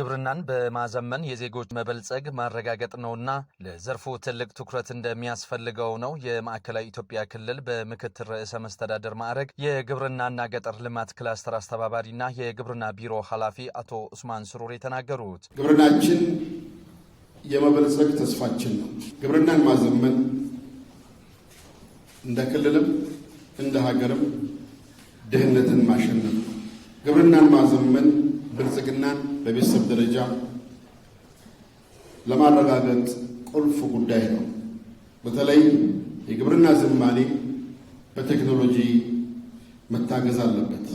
ግብርናን በማዘመን የዜጎች መበልጸግ ማረጋገጥ ነውና ለዘርፉ ትልቅ ትኩረት እንደሚያስፈልገው ነው የማዕከላዊ ኢትዮጵያ ክልል በምክትል ርዕሰ መስተዳደር ማዕረግ የግብርናና ገጠር ልማት ክላስተር አስተባባሪና የግብርና ቢሮ ኃላፊ አቶ ኡስማን ስሩር የተናገሩት። ግብርናችን የመበልጸግ ተስፋችን ነው። ግብርናን ማዘመን እንደ ክልልም እንደ ሀገርም ድህነትን ማሸነፍ ነው። ግብርናን ማዘመን ብልጽግናን በቤተሰብ ደረጃ ለማረጋገጥ ቁልፍ ጉዳይ ነው። በተለይ የግብርና ዝማኔ በቴክኖሎጂ መታገዝ አለበት።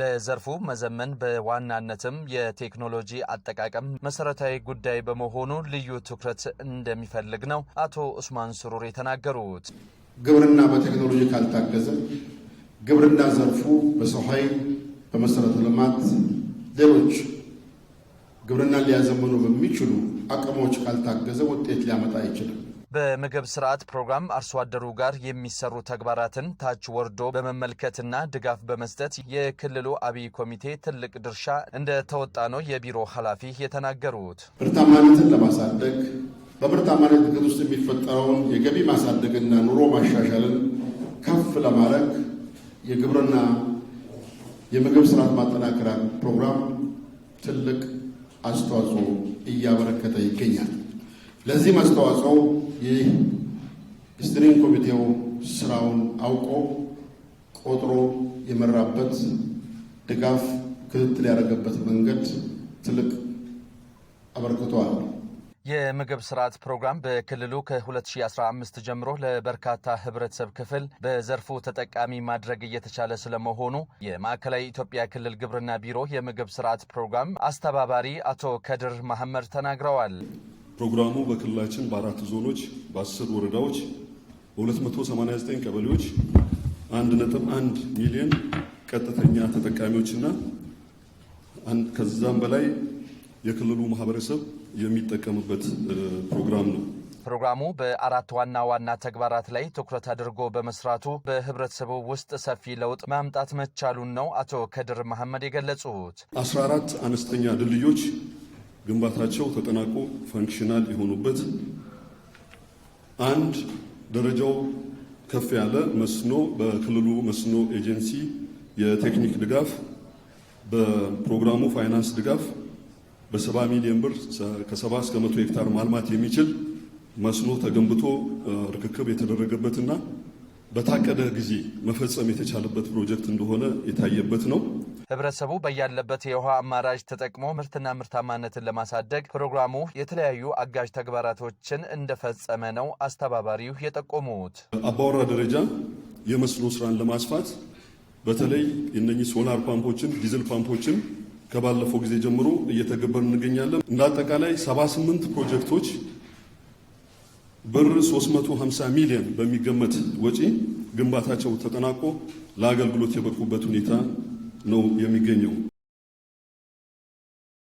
ለዘርፉ መዘመን በዋናነትም የቴክኖሎጂ አጠቃቀም መሰረታዊ ጉዳይ በመሆኑ ልዩ ትኩረት እንደሚፈልግ ነው አቶ ኡስማን ስሩር የተናገሩት። ግብርና በቴክኖሎጂ ካልታገዘ ግብርና ዘርፉ በሰው ኃይል፣ በመሰረተ ልማት ሌሎች ግብርናን ሊያዘመኑ በሚችሉ አቅሞች ካልታገዘ ውጤት ሊያመጣ አይችልም። በምግብ ስርዓት ፕሮግራም አርሶ አደሩ ጋር የሚሰሩ ተግባራትን ታች ወርዶ በመመልከትና ድጋፍ በመስጠት የክልሉ አብይ ኮሚቴ ትልቅ ድርሻ እንደተወጣ ነው የቢሮ ኃላፊ የተናገሩት። ምርታማነትን ለማሳደግ በምርታማነት ድገት ውስጥ የሚፈጠረውን የገቢ ማሳደግና ኑሮ ማሻሻልን ከፍ ለማድረግ የግብርና የምግብ ስርዓት ማጠናከሪያ ፕሮግራም ትልቅ አስተዋጽኦ እያበረከተ ይገኛል። ለዚህም አስተዋጽኦ ይህ ስትሪንግ ኮሚቴው ስራውን አውቆ ቆጥሮ የመራበት ድጋፍ ክትትል ያደረገበት መንገድ ትልቅ የምግብ ስርዓት ፕሮግራም በክልሉ ከ2015 ጀምሮ ለበርካታ ህብረተሰብ ክፍል በዘርፉ ተጠቃሚ ማድረግ እየተቻለ ስለመሆኑ የማዕከላዊ ኢትዮጵያ ክልል ግብርና ቢሮ የምግብ ስርዓት ፕሮግራም አስተባባሪ አቶ ከድር መሐመድ ተናግረዋል። ፕሮግራሙ በክልላችን በአራት ዞኖች በአስር ወረዳዎች በ289 ቀበሌዎች 1.1 ሚሊዮን ቀጥተኛ ተጠቃሚዎችና ከዛም በላይ የክልሉ ማህበረሰብ የሚጠቀምበት ፕሮግራም ነው። ፕሮግራሙ በአራት ዋና ዋና ተግባራት ላይ ትኩረት አድርጎ በመስራቱ በህብረተሰቡ ውስጥ ሰፊ ለውጥ ማምጣት መቻሉን ነው አቶ ከድር መሐመድ የገለጹት። አስራ አራት አነስተኛ ድልድዮች ግንባታቸው ተጠናቆ ፋንክሽናል የሆኑበት አንድ ደረጃው ከፍ ያለ መስኖ በክልሉ መስኖ ኤጀንሲ የቴክኒክ ድጋፍ በፕሮግራሙ ፋይናንስ ድጋፍ በሰባ ሚሊዮን ብር ከሰባ እስከ መቶ ሄክታር ማልማት የሚችል መስኖ ተገንብቶ ርክክብ የተደረገበትና በታቀደ ጊዜ መፈጸም የተቻለበት ፕሮጀክት እንደሆነ የታየበት ነው። ህብረተሰቡ በያለበት የውሃ አማራጭ ተጠቅሞ ምርትና ምርታማነትን ለማሳደግ ፕሮግራሙ የተለያዩ አጋዥ ተግባራቶችን እንደፈጸመ ነው አስተባባሪው የጠቆሙት። አባወራ ደረጃ የመስኖ ስራን ለማስፋት በተለይ እነኚህ ሶላር ፓምፖችን፣ ዲዝል ፓምፖችን ከባለፈው ጊዜ ጀምሮ እየተገበር እንገኛለን። እንደ አጠቃላይ 78 ፕሮጀክቶች ብር 350 ሚሊዮን በሚገመት ወጪ ግንባታቸው ተጠናቆ ለአገልግሎት የበቁበት ሁኔታ ነው የሚገኘው።